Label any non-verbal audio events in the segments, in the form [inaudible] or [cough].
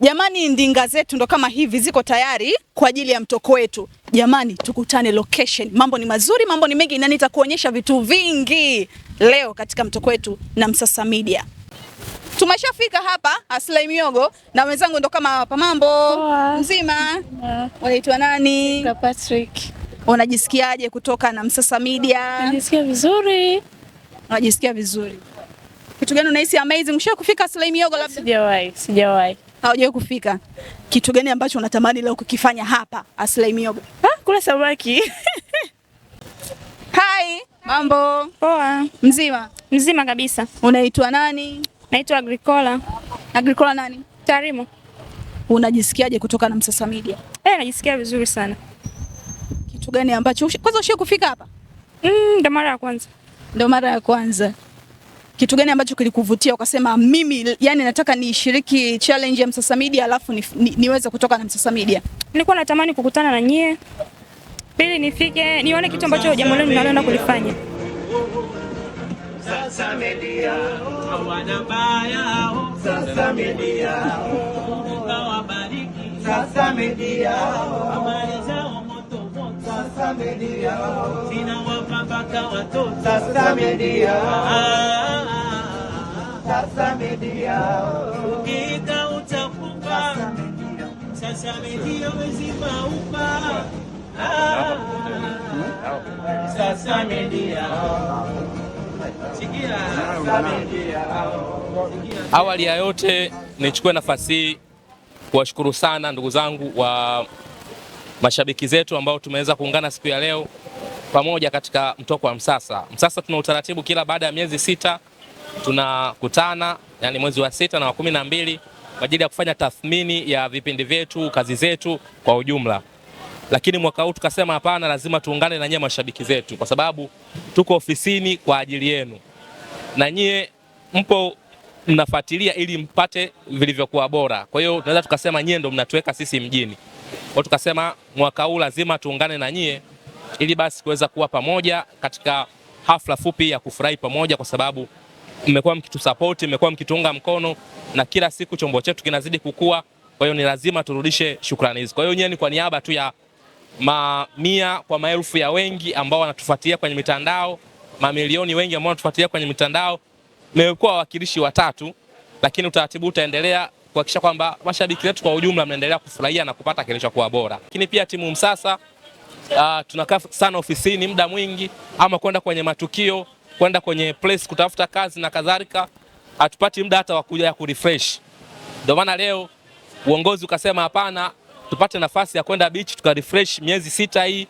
Jamani, ndinga zetu ndo kama hivi ziko tayari kwa ajili ya mtoko wetu. Jamani, tukutane location. Mambo ni mazuri, mambo ni mengi na nitakuonyesha vitu vingi leo katika mtoko wetu na Msasa Media. Tumeshafika hapa Aslay Miogo na wenzangu ndo kama hapa. Mambo mzima, unaitwa nani? Na Patrick. Unajisikiaje kutoka na Msasa Media? Najisikia vizuri. Unajisikia vizuri. Kitu gani unahisi amazing? Ushawahi kufika Aslay Miogo labda? Sijawahi, sijawahi hawajawahi kufika, kitu gani ambacho unatamani leo kukifanya hapa Aslaimiogo? Ha, kula samaki. [laughs] Hai, mambo poa? Mzima mzima kabisa. Unaitwa nani? Naitwa Agricola. Agricola nani? Tarimo. Unajisikiaje kutoka na Msasa Media? Eh, najisikia vizuri sana. Kitu gani ambacho kwanza ushie kufika hapa? Mm, ndo mara ya kwanza. Ndo mara ya kwanza kitu gani ambacho kilikuvutia ukasema mimi yani nataka nishiriki challenge ya Msasa Media alafu ni, ni, niweze kutoka na Msasa Media? Nilikuwa natamani kukutana na nyie, pili nifike nione kitu ambacho jambo lenu mnaloenda kulifanya. Msasa Media hawana baya, Msasa Media hawabariki, Msasa Media habari zao moto moto, Msasa Media zinawapa mpaka watoto, Msasa Media utakufa, sasa sasa media oh. awali ya yote nichukue nafasi hii kuwashukuru sana ndugu zangu wa mashabiki zetu ambao tumeweza kuungana siku ya leo pamoja katika mtoko wa Msasa. Msasa tuna utaratibu kila baada ya miezi sita tunakutana yani mwezi wa sita na wa kumi na mbili kwa ajili ya kufanya tathmini ya vipindi vyetu, kazi zetu kwa ujumla. Lakini mwaka huu tukasema hapana, lazima tuungane na nyie mashabiki zetu, kwa sababu tuko ofisini kwa ajili yenu na nyie mpo mnafuatilia ili mpate vilivyokuwa bora. Kwa hiyo tunaweza tukasema nyie ndo mnatuweka sisi mjini. Kwa tukasema mwaka huu lazima tuungane na nyie ili basi kuweza kuwa pamoja katika hafla fupi ya kufurahi pamoja, kwa sababu mmekuwa mkitusapoti, mmekuwa mkituunga mkono na kila siku chombo chetu kinazidi kukua. Kwa hiyo ni lazima turudishe shukrani hizi. Kwa hiyo nyewe ni kwa niaba tu ya mamia kwa maelfu ya wengi ambao wanatufuatilia kwenye mitandao, mamilioni wengi ambao wanatufuatilia kwenye mitandao. Mmekuwa wawakilishi watatu, lakini utaratibu utaendelea kuhakikisha kwamba mashabiki wetu kwa ujumla mnaendelea kufurahia na kupata kilichokuwa bora. Lakini pia timu Msasa, uh, tunakaa sana ofisini muda mwingi ama kwenda kwenye matukio kwenda kwenye place kutafuta kazi na kadhalika, hatupati muda hata wa kuja kurefresh. Ndio maana leo uongozi ukasema hapana, tupate nafasi ya kwenda beach tukarefresh. Miezi sita hii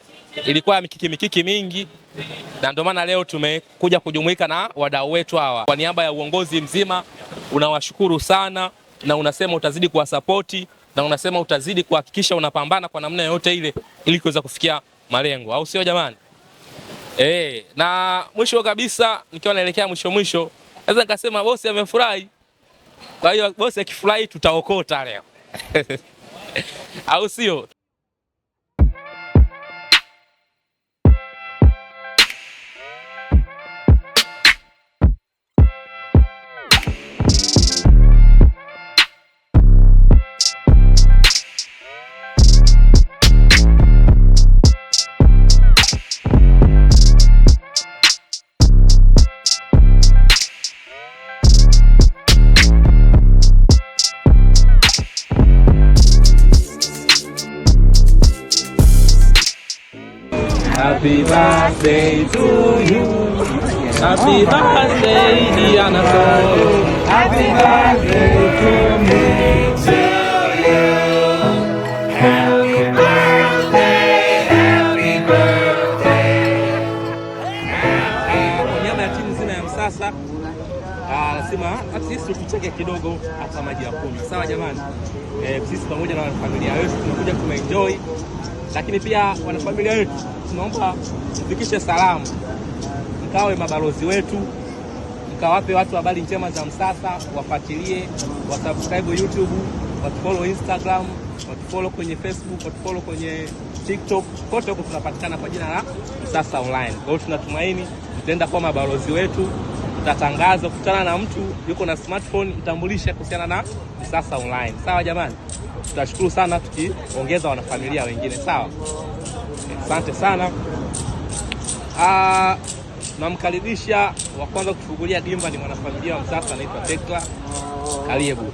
ilikuwa mikiki mikiki mingi, na ndio maana leo tumekuja kujumuika na wadau wetu hawa. Kwa niaba ya uongozi mzima, unawashukuru sana na unasema utazidi kuwasapoti na unasema utazidi kuhakikisha unapambana kwa namna yoyote ile ili kuweza kufikia malengo, au sio jamani? Eh, na mwisho kabisa nikiwa naelekea mwisho mwisho, naweza nikasema bosi amefurahi. Kwa hiyo bosi akifurahi tutaokota leo. [laughs] Au sio? Happy birthday to you. Happy birthday, Diana. Happy birthday to me. ya zima ya Msasa ah, sisi tucheke kidogo, hapa maji ya kunywa. Sawa jamani, eh, sisi pamoja na familia yetu tunakuja kuenjoy lakini pia wanafamilia wetu tunaomba mfikishe salamu, mkawe mabalozi wetu, mkawape watu habari njema za Msasa, wafuatilie, wasubscribe YouTube, watufollow Instagram, watufollow kwenye Facebook, watufollow kwenye TikTok. Kote huko tunapatikana kwa jina la Msasa Online. Kwa hiyo tunatumaini mtaenda kuwa mabalozi wetu, tutatangaza. Kukutana na mtu yuko na smartphone, mtambulishe kuhusiana na Msasa Online. Sawa jamani tutashukuru sana tukiongeza wanafamilia wengine. Sawa, asante sana. Ah, Namkaribisha wa kwanza kufungulia dimba ni mwanafamilia wa Msasa anaitwa Tekla. Karibu.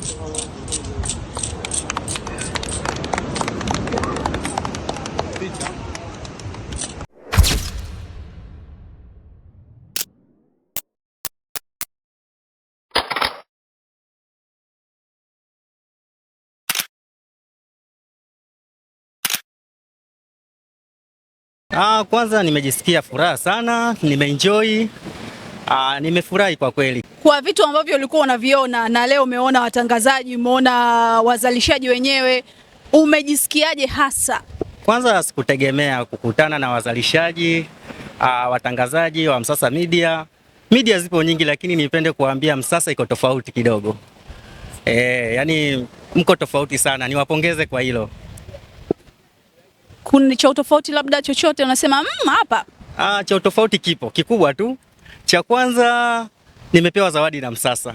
Ah, kwanza nimejisikia furaha sana, nimeenjoy. Ah, nimefurahi kwa kweli kwa vitu ambavyo ulikuwa unaviona na leo umeona watangazaji, umeona wazalishaji wenyewe, umejisikiaje hasa? Kwanza sikutegemea kukutana na wazalishaji ah, watangazaji wa Msasa Media. Media zipo nyingi, lakini nipende kuambia Msasa iko tofauti kidogo. E, yani mko tofauti sana, niwapongeze kwa hilo kuna cha utofauti labda chochote unasema mmm, hapa? Ah, cha utofauti kipo kikubwa tu. Cha kwanza nimepewa zawadi na Msasa.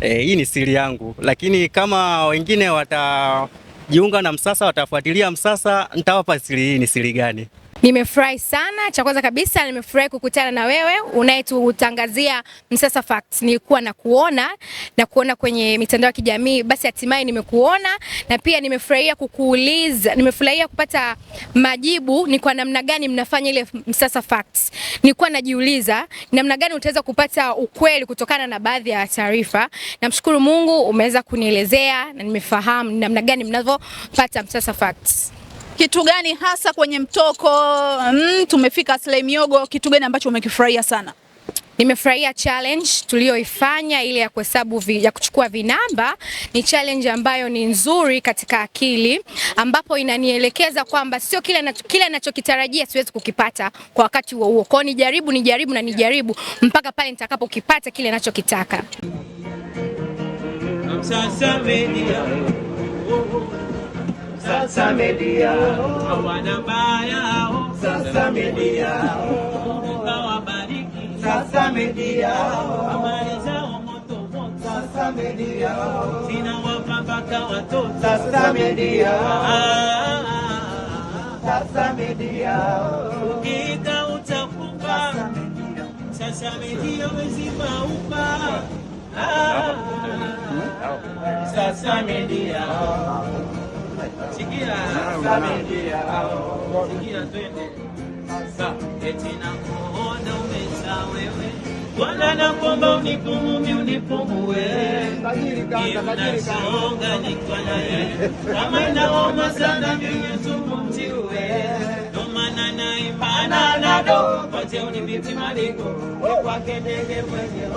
E, hii ni siri yangu, lakini kama wengine watajiunga na Msasa, watafuatilia Msasa, nitawapa siri hii ni siri gani. Nimefurahi sana. Cha kwanza kabisa nimefurahi kukutana na wewe unayetutangazia Msasa Facts. Nilikuwa na kuona na kuona kwenye mitandao ya kijamii, basi hatimaye nimekuona na pia nimefurahia kukuuliza, nimefurahia kupata majibu ni kwa namna gani mnafanya ile Msasa Facts. Nilikuwa najiuliza namna gani utaweza kupata ukweli kutokana na baadhi ya taarifa. Namshukuru Mungu umeweza kunielezea na nimefahamu namna gani mnavyopata Msasa Facts. Kitu gani hasa kwenye mtoko mm, tumefika Aslay Miogo, kitu gani ambacho umekifurahia sana? Nimefurahia challenge tuliyoifanya ile ya kuhesabu ya kuchukua vinamba. Ni challenge ambayo ni nzuri katika akili, ambapo inanielekeza kwamba sio kile kile ninachokitarajia siwezi kukipata kwa wakati huo huo. Kwao nijaribu nijaribu na nijaribu mpaka pale nitakapokipata kile ninachokitaka sasa media hawana baya sasa media kawabariki sasa media habari zao moto moto sasa media zinawapa mpaka watoto sasa media ah, ah, ah, sasa media ukika utakufa sasa media wezimaupa sasa media hmm? hmm? Sikia sikia, twende eti na kuona umeza wewe, Bwana nakuomba unipumue, unipumue, nasonga nikwa naye, kama inaoma sana mimi tumutiwe, domana naimana nado kote unipiti maliko kwake ndege mwenye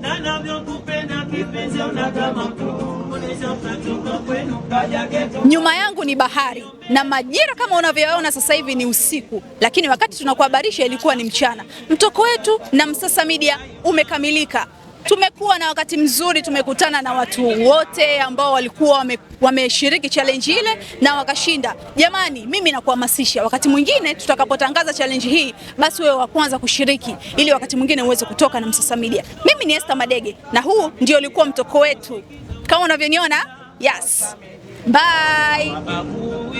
nanavyo kupenda kipenzi unatama kuu unaweza ukatoka kwenu kaja Nyuma yangu ni bahari na majira kama unavyoona sasa hivi ni usiku, lakini wakati tunakuhabarisha ilikuwa ni mchana. Mtoko wetu na Msasa Media umekamilika. Tumekuwa na wakati mzuri, tumekutana na watu wote ambao walikuwa wameshiriki wame challenge ile na wakashinda. Jamani, mimi nakuhamasisha, wakati mwingine tutakapotangaza challenge hii, basi wewe wa kwanza kushiriki, ili wakati mwingine uweze kutoka na Msasa Media. Mimi ni Esther Madege na huu ndio ulikuwa mtoko wetu kama unavyoniona, yes. Bye. Mabavu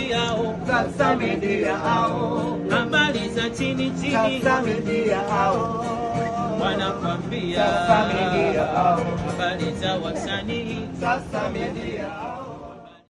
za chini chini kasamedia za wasanii